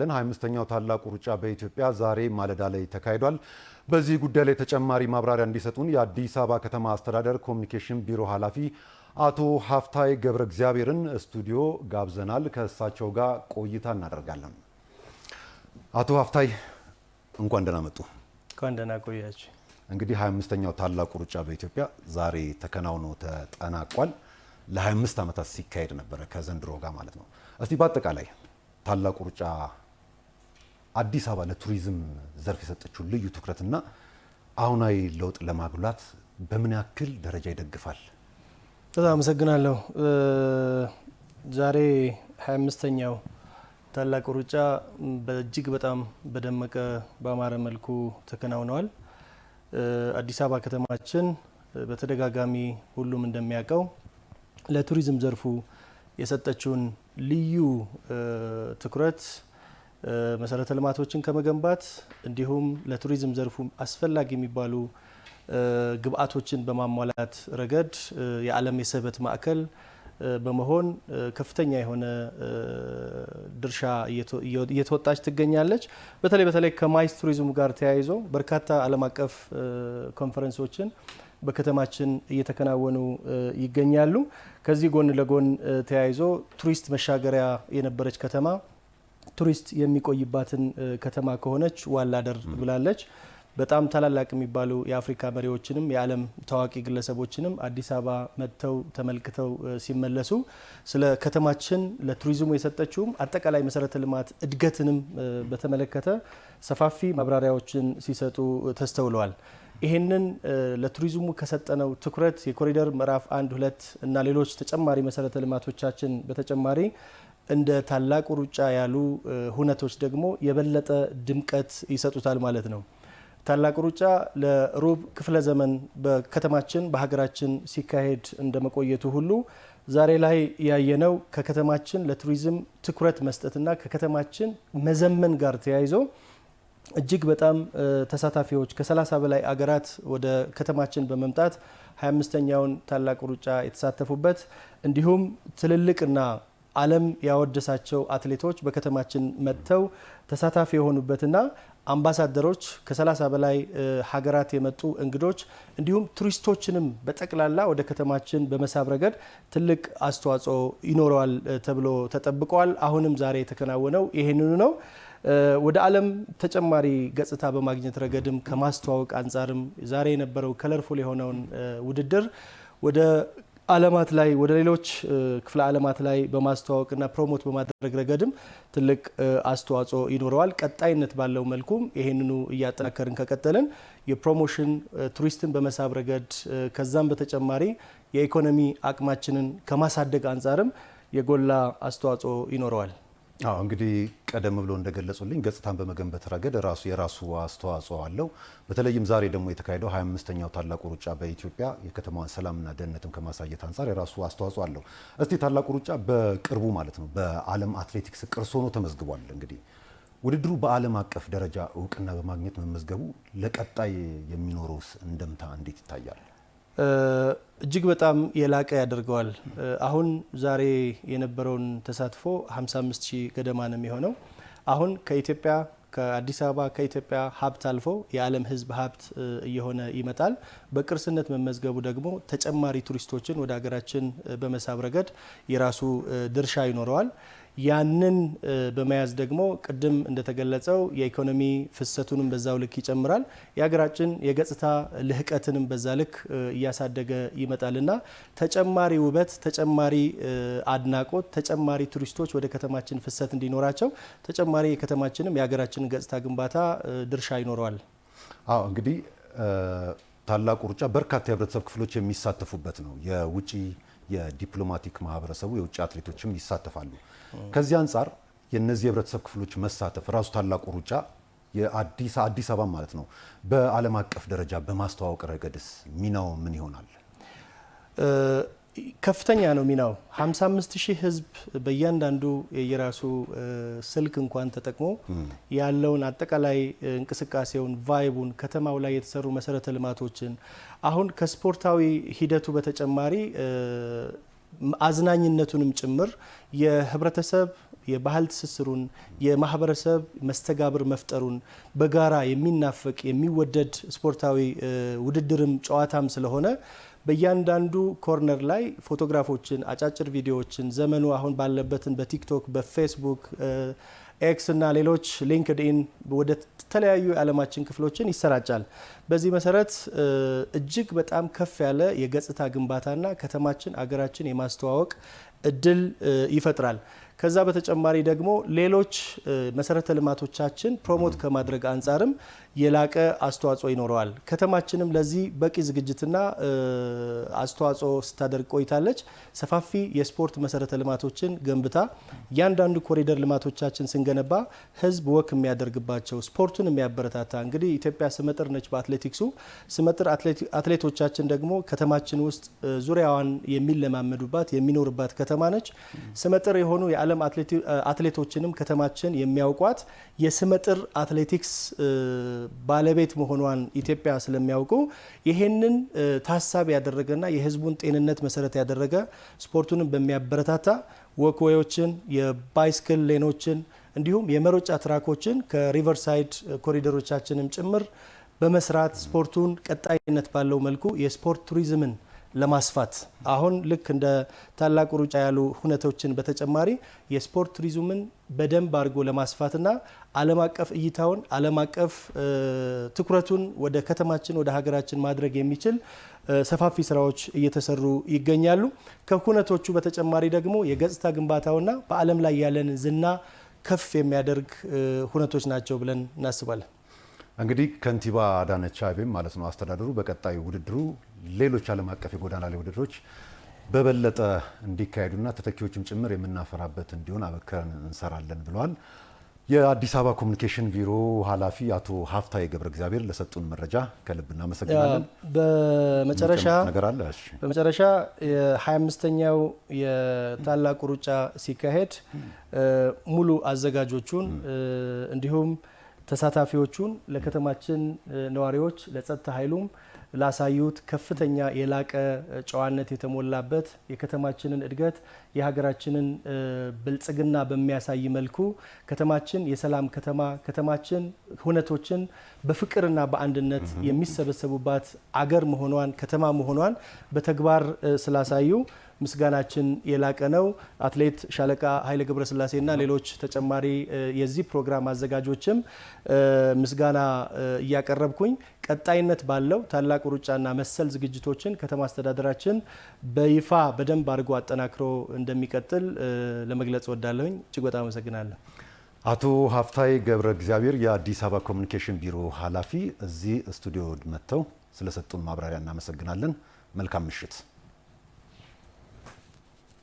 ለን 25ኛው ታላቁ ሩጫ በኢትዮጵያ ዛሬ ማለዳ ላይ ተካሂዷል። በዚህ ጉዳይ ላይ ተጨማሪ ማብራሪያ እንዲሰጡን የአዲስ አበባ ከተማ አስተዳደር ኮሚኒኬሽን ቢሮ ኃላፊ አቶ ሀፍታይ ገብረ እግዚአብሔርን ስቱዲዮ ጋብዘናል። ከእሳቸው ጋር ቆይታ እናደርጋለን። አቶ ሀፍታይ እንኳን ደህና መጡ። እንኳን ደህና ቆያችሁ። እንግዲህ 25ኛው ታላቁ ሩጫ በኢትዮጵያ ዛሬ ተከናውኖ ተጠናቋል። ለ25 ዓመታት ሲካሄድ ነበረ ከዘንድሮ ጋር ማለት ነው። እስቲ በአጠቃላይ ታላቁ ሩጫ አዲስ አበባ ለቱሪዝም ዘርፍ የሰጠችው ልዩ ትኩረትና አሁናዊ ለውጥ ለማጉላት በምን ያክል ደረጃ ይደግፋል? በጣም አመሰግናለሁ። ዛሬ 25ኛው ታላቅ ሩጫ በእጅግ በጣም በደመቀ በአማረ መልኩ ተከናውነዋል። አዲስ አበባ ከተማችን በተደጋጋሚ ሁሉም እንደሚያውቀው ለቱሪዝም ዘርፉ የሰጠችውን ልዩ ትኩረት መሰረተ ልማቶችን ከመገንባት እንዲሁም ለቱሪዝም ዘርፉ አስፈላጊ የሚባሉ ግብአቶችን በማሟላት ረገድ የዓለም የሰበት ማዕከል በመሆን ከፍተኛ የሆነ ድርሻ እየተወጣች ትገኛለች። በተለይ በተለይ ከማይስ ቱሪዝሙ ጋር ተያይዞ በርካታ ዓለም አቀፍ ኮንፈረንሶችን በከተማችን እየተከናወኑ ይገኛሉ። ከዚህ ጎን ለጎን ተያይዞ ቱሪስት መሻገሪያ የነበረች ከተማ ቱሪስት የሚቆይባትን ከተማ ከሆነች ዋላደር ብላለች። በጣም ታላላቅ የሚባሉ የአፍሪካ መሪዎችንም የዓለም ታዋቂ ግለሰቦችንም አዲስ አበባ መጥተው ተመልክተው ሲመለሱ ስለ ከተማችን ለቱሪዝሙ የሰጠችውም አጠቃላይ መሰረተ ልማት እድገትንም በተመለከተ ሰፋፊ ማብራሪያዎችን ሲሰጡ ተስተውለዋል። ይህንን ለቱሪዝሙ ከሰጠነው ትኩረት የኮሪደር ምዕራፍ አንድ ሁለት እና ሌሎች ተጨማሪ መሰረተ ልማቶቻችን በተጨማሪ እንደ ታላቁ ሩጫ ያሉ ሁነቶች ደግሞ የበለጠ ድምቀት ይሰጡታል ማለት ነው። ታላቁ ሩጫ ለሩብ ክፍለ ዘመን በከተማችን በሀገራችን ሲካሄድ እንደመቆየቱ ሁሉ ዛሬ ላይ ያየነው ከከተማችን ለቱሪዝም ትኩረት መስጠትና ከከተማችን መዘመን ጋር ተያይዞ እጅግ በጣም ተሳታፊዎች ከ30 በላይ አገራት ወደ ከተማችን በመምጣት 25ኛውን ታላቁ ሩጫ የተሳተፉበት እንዲሁም ትልልቅና ዓለም ያወደሳቸው አትሌቶች በከተማችን መጥተው ተሳታፊ የሆኑበትና አምባሳደሮች ከ30 በላይ ሀገራት የመጡ እንግዶች እንዲሁም ቱሪስቶችንም በጠቅላላ ወደ ከተማችን በመሳብ ረገድ ትልቅ አስተዋጽኦ ይኖረዋል ተብሎ ተጠብቋል። አሁንም ዛሬ የተከናወነው ይህንኑ ነው። ወደ ዓለም ተጨማሪ ገጽታ በማግኘት ረገድም ከማስተዋወቅ አንጻርም ዛሬ የነበረው ከለርፉል የሆነውን ውድድር ወደ አለማት ላይ ወደ ሌሎች ክፍለ ዓለማት ላይ በማስተዋወቅና ፕሮሞት በማድረግ ረገድም ትልቅ አስተዋጽኦ ይኖረዋል። ቀጣይነት ባለው መልኩም ይህንኑ እያጠናከርን ከቀጠልን የፕሮሞሽን ቱሪስትን በመሳብ ረገድ ከዛም በተጨማሪ የኢኮኖሚ አቅማችንን ከማሳደግ አንጻርም የጎላ አስተዋጽኦ ይኖረዋል። አዎ እንግዲህ ቀደም ብሎ እንደገለጹልኝ ገጽታን በመገንበት ረገድ ራሱ የራሱ አስተዋጽኦ አለው። በተለይም ዛሬ ደግሞ የተካሄደው 25 አምስተኛው ታላቁ ሩጫ በኢትዮጵያ የከተማዋን ሰላምና ደህንነትን ከማሳየት አንጻር የራሱ አስተዋጽኦ አለው። እስቲ ታላቁ ሩጫ በቅርቡ ማለት ነው በዓለም አትሌቲክስ ቅርስ ሆኖ ተመዝግቧል። እንግዲህ ውድድሩ በዓለም አቀፍ ደረጃ እውቅና በማግኘት መመዝገቡ ለቀጣይ የሚኖረውስ እንደምታ እንዴት ይታያል? እጅግ በጣም የላቀ ያደርገዋል። አሁን ዛሬ የነበረውን ተሳትፎ 55 ሺህ ገደማ ነው የሚሆነው። አሁን ከኢትዮጵያ ከአዲስ አበባ ከኢትዮጵያ ሀብት አልፎ የዓለም ሕዝብ ሀብት እየሆነ ይመጣል። በቅርስነት መመዝገቡ ደግሞ ተጨማሪ ቱሪስቶችን ወደ ሀገራችን በመሳብ ረገድ የራሱ ድርሻ ይኖረዋል። ያንን በመያዝ ደግሞ ቅድም እንደተገለጸው የኢኮኖሚ ፍሰቱንም በዛው ልክ ይጨምራል። የሀገራችን የገጽታ ልህቀትንም በዛ ልክ እያሳደገ ይመጣልና ተጨማሪ ውበት፣ ተጨማሪ አድናቆት፣ ተጨማሪ ቱሪስቶች ወደ ከተማችን ፍሰት እንዲኖራቸው ተጨማሪ የከተማችንም የሀገራችንን ገጽታ ግንባታ ድርሻ ይኖረዋል። አዎ እንግዲህ ታላቁ ሩጫ በርካታ የህብረተሰብ ክፍሎች የሚሳተፉበት ነው የውጪ የዲፕሎማቲክ ማህበረሰቡ የውጭ አትሌቶችም ይሳተፋሉ። ከዚህ አንጻር የእነዚህ የህብረተሰብ ክፍሎች መሳተፍ ራሱ ታላቁ ሩጫ የአዲስ አዲስ አበባ ማለት ነው በዓለም አቀፍ ደረጃ በማስተዋወቅ ረገድስ ሚናው ምን ይሆናል? ከፍተኛ ነው ሚናው። 55 ሺህ ህዝብ በእያንዳንዱ የራሱ ስልክ እንኳን ተጠቅሞ ያለውን አጠቃላይ እንቅስቃሴውን ቫይቡን፣ ከተማው ላይ የተሰሩ መሰረተ ልማቶችን አሁን ከስፖርታዊ ሂደቱ በተጨማሪ አዝናኝነቱንም ጭምር የህብረተሰብ የባህል ትስስሩን የማህበረሰብ መስተጋብር መፍጠሩን በጋራ የሚናፈቅ የሚወደድ ስፖርታዊ ውድድርም ጨዋታም ስለሆነ በእያንዳንዱ ኮርነር ላይ ፎቶግራፎችን፣ አጫጭር ቪዲዮዎችን ዘመኑ አሁን ባለበትን በቲክቶክ በፌስቡክ ኤክስ እና ሌሎች ሊንክድኢን ወደ ተለያዩ የዓለማችን ክፍሎችን ይሰራጫል። በዚህ መሰረት እጅግ በጣም ከፍ ያለ የገጽታ ግንባታና ከተማችን አገራችን የማስተዋወቅ እድል ይፈጥራል። ከዛ በተጨማሪ ደግሞ ሌሎች መሰረተ ልማቶቻችን ፕሮሞት ከማድረግ አንጻርም የላቀ አስተዋጽኦ ይኖረዋል። ከተማችንም ለዚህ በቂ ዝግጅትና አስተዋጽኦ ስታደርግ ቆይታለች። ሰፋፊ የስፖርት መሰረተ ልማቶችን ገንብታ እያንዳንዱ ኮሪደር ልማቶቻችን ስንገነባ ህዝብ ወክ የሚያደርግባቸው ስፖርቱን የሚያበረታታ እንግዲህ ኢትዮጵያ ስመጥር ነች በአትሌቲክሱ ስመጥር አትሌቶቻችን ደግሞ ከተማችን ውስጥ ዙሪያዋን የሚለማመዱባት የሚኖርባት ከተማ ነች። ስመጥር የሆኑ የዓለም አትሌቶችንም ከተማችን የሚያውቋት የስመጥር አትሌቲክስ ባለቤት መሆኗን ኢትዮጵያ ስለሚያውቁ ይሄንን ታሳቢ ያደረገና የሕዝቡን ጤንነት መሰረት ያደረገ ስፖርቱንም በሚያበረታታ ወክዌዎችን፣ የባይስክል ሌኖችን እንዲሁም የመሮጫ ትራኮችን ከሪቨርሳይድ ኮሪደሮቻችንም ጭምር በመስራት ስፖርቱን ቀጣይነት ባለው መልኩ የስፖርት ቱሪዝምን ለማስፋት አሁን ልክ እንደ ታላቁ ሩጫ ያሉ ሁነቶችን በተጨማሪ የስፖርት ቱሪዝምን በደንብ አድርጎ ለማስፋትና ዓለም አቀፍ እይታውን ዓለም አቀፍ ትኩረቱን ወደ ከተማችን ወደ ሀገራችን ማድረግ የሚችል ሰፋፊ ስራዎች እየተሰሩ ይገኛሉ። ከሁነቶቹ በተጨማሪ ደግሞ የገጽታ ግንባታውና በዓለም ላይ ያለን ዝና ከፍ የሚያደርግ ሁነቶች ናቸው ብለን እናስባለን። እንግዲህ ከንቲባ አዳነች አቤቤም ማለት ነው አስተዳደሩ በቀጣዩ ውድድሩ ሌሎች ዓለም አቀፍ የጎዳና ላይ ውድድሮች በበለጠ እንዲካሄዱና ተተኪዎችም ጭምር የምናፈራበት እንዲሆን አበክረን እንሰራለን ብለዋል። የአዲስ አበባ ኮሚኒኬሽን ቢሮ ኃላፊ አቶ ሀፍታዬ ገብረ እግዚአብሔር ለሰጡን መረጃ ከልብ እናመሰግናለን። በመጨረሻ የ25ኛው የታላቁ ሩጫ ሲካሄድ ሙሉ አዘጋጆቹን እንዲሁም ተሳታፊዎቹን ለከተማችን ነዋሪዎች፣ ለጸጥታ ኃይሉም ላሳዩት ከፍተኛ የላቀ ጨዋነት የተሞላበት የከተማችንን እድገት የሀገራችንን ብልጽግና በሚያሳይ መልኩ ከተማችን የሰላም ከተማ ከተማችን ሁነቶችን በፍቅርና በአንድነት የሚሰበሰቡባት አገር መሆኗን ከተማ መሆኗን በተግባር ስላሳዩ ምስጋናችን የላቀ ነው። አትሌት ሻለቃ ኃይሌ ገብረስላሴና ሌሎች ተጨማሪ የዚህ ፕሮግራም አዘጋጆችም ምስጋና እያቀረብኩኝ ቀጣይነት ባለው ታላቅ ሩጫና መሰል ዝግጅቶችን ከተማ አስተዳደራችን በይፋ በደንብ አድርጎ አጠናክሮ እንደሚቀጥል ለመግለጽ ወዳለሁኝ። እጅግ በጣም አመሰግናለሁ። አቶ ሀፍታይ ገብረ እግዚአብሔር የአዲስ አበባ ኮሚኒኬሽን ቢሮ ኃላፊ እዚህ ስቱዲዮ መጥተው ስለሰጡን ማብራሪያ እናመሰግናለን። መልካም ምሽት።